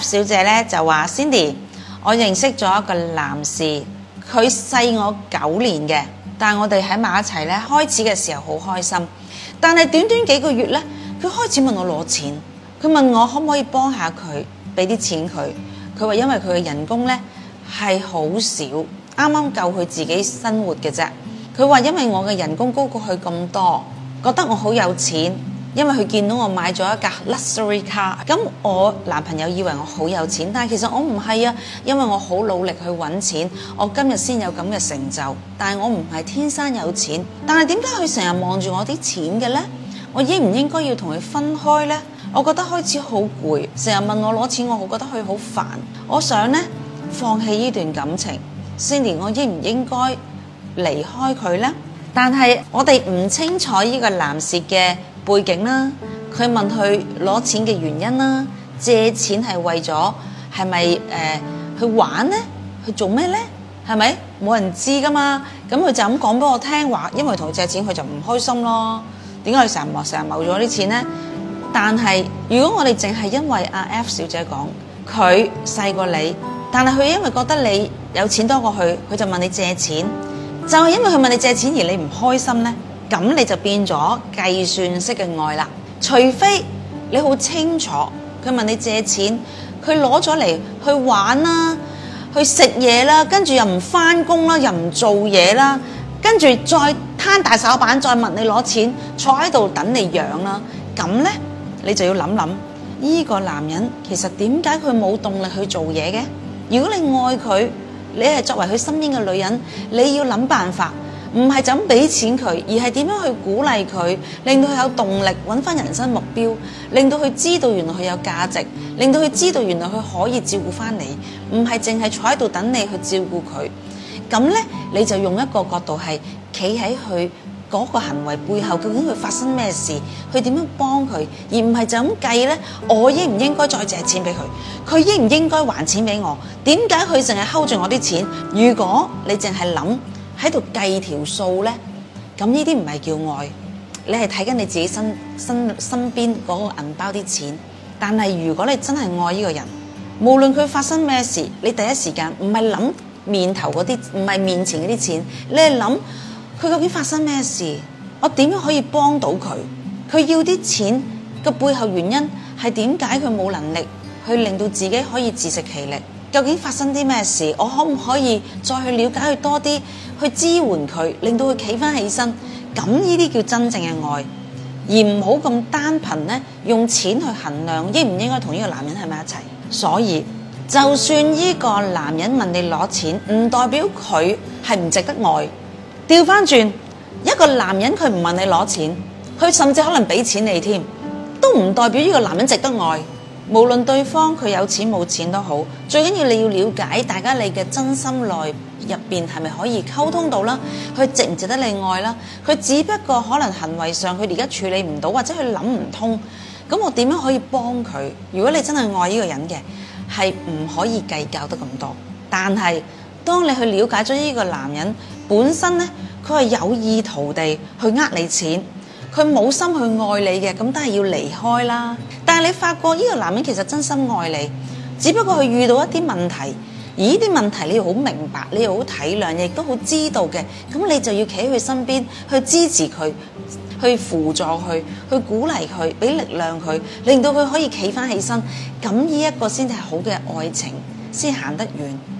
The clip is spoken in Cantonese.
小姐咧就話 Cindy，我認識咗一個男士，佢細我九年嘅，但係我哋喺埋一齊咧，開始嘅時候好開心，但係短短幾個月咧，佢開始問我攞錢，佢問我可唔可以幫下佢，俾啲錢佢，佢話因為佢嘅人工咧係好少，啱啱夠佢自己生活嘅啫，佢話因為我嘅人工高過佢咁多，覺得我好有錢。因為佢見到我買咗一架 luxury car，咁我男朋友以為我好有錢，但係其實我唔係啊。因為我好努力去揾錢，我今日先有咁嘅成就。但係我唔係天生有錢，但係點解佢成日望住我啲錢嘅呢？我應唔應該要同佢分開呢？我覺得開始好攰，成日問我攞錢，我覺得佢好煩。我想呢，放棄呢段感情，Cindy，我應唔應該離開佢呢？但係我哋唔清楚呢個男士嘅背景啦，佢問佢攞錢嘅原因啦，借錢係為咗係咪誒去玩呢？去做咩呢？係咪冇人知噶嘛？咁佢就咁講俾我聽話，因為同佢借錢，佢就唔開心咯。點解佢成日成日冇咗啲錢呢？但係如果我哋淨係因為阿 F 小姐講佢細過你，但係佢因為覺得你有錢多過佢，佢就問你借錢，就係因為佢問你借錢而你唔開心呢。咁你就變咗計算式嘅愛啦，除非你好清楚佢問你借錢，佢攞咗嚟去玩啦，去食嘢啦，跟住又唔返工啦，又唔做嘢啦，跟住再攤大手板再問你攞錢，坐喺度等你養啦，咁呢你就要諗諗，呢個男人其實點解佢冇動力去做嘢嘅？如果你愛佢，你係作為佢身邊嘅女人，你要諗辦法。唔係就咁俾錢佢，而係點樣去鼓勵佢，令到佢有動力，揾翻人生目標，令到佢知道原來佢有價值，令到佢知道原來佢可以照顧翻你，唔係淨係坐喺度等你去照顧佢。咁咧，你就用一個角度係企喺佢嗰個行為背後，究竟佢發生咩事，佢點樣幫佢，而唔係就咁計咧。我應唔應該再借錢俾佢？佢應唔應該還錢俾我？點解佢淨係 hold 住我啲錢？如果你淨係諗，喺度計條數呢？咁呢啲唔係叫愛，你係睇緊你自己身身身邊嗰個銀包啲錢。但係如果你真係愛呢個人，無論佢發生咩事，你第一時間唔係諗面頭嗰啲，唔係面前嗰啲錢，你係諗佢究竟發生咩事，我點樣可以幫到佢？佢要啲錢個背後原因係點解佢冇能力去令到自己可以自食其力。究竟發生啲咩事？我可唔可以再去了解佢多啲，去支援佢，令到佢企返起身？咁呢啲叫真正嘅愛，而唔好咁單憑呢，用錢去衡量應唔應該同呢個男人喺埋一齊。所以，就算呢個男人問你攞錢，唔代表佢係唔值得愛。調返轉，一個男人佢唔問你攞錢，佢甚至可能俾錢你添，都唔代表呢個男人值得愛。無論對方佢有錢冇錢都好，最緊要你要了解大家你嘅真心內入邊係咪可以溝通到啦？佢值唔值得你愛啦？佢只不過可能行為上佢而家處理唔到，或者佢諗唔通，咁我點樣可以幫佢？如果你真係愛呢個人嘅，係唔可以計較得咁多。但係當你去了解咗呢個男人本身呢，佢係有意圖地去呃你錢，佢冇心去愛你嘅，咁都係要離開啦。但你發覺呢個男人其實真心愛你，只不過佢遇到一啲問題，而呢啲問題你又好明白，你又好體諒，亦都好知道嘅，咁你就要企喺佢身邊去支持佢，去輔助佢，去鼓勵佢，俾力量佢，令到佢可以企翻起身，咁呢一個先至係好嘅愛情，先行得遠。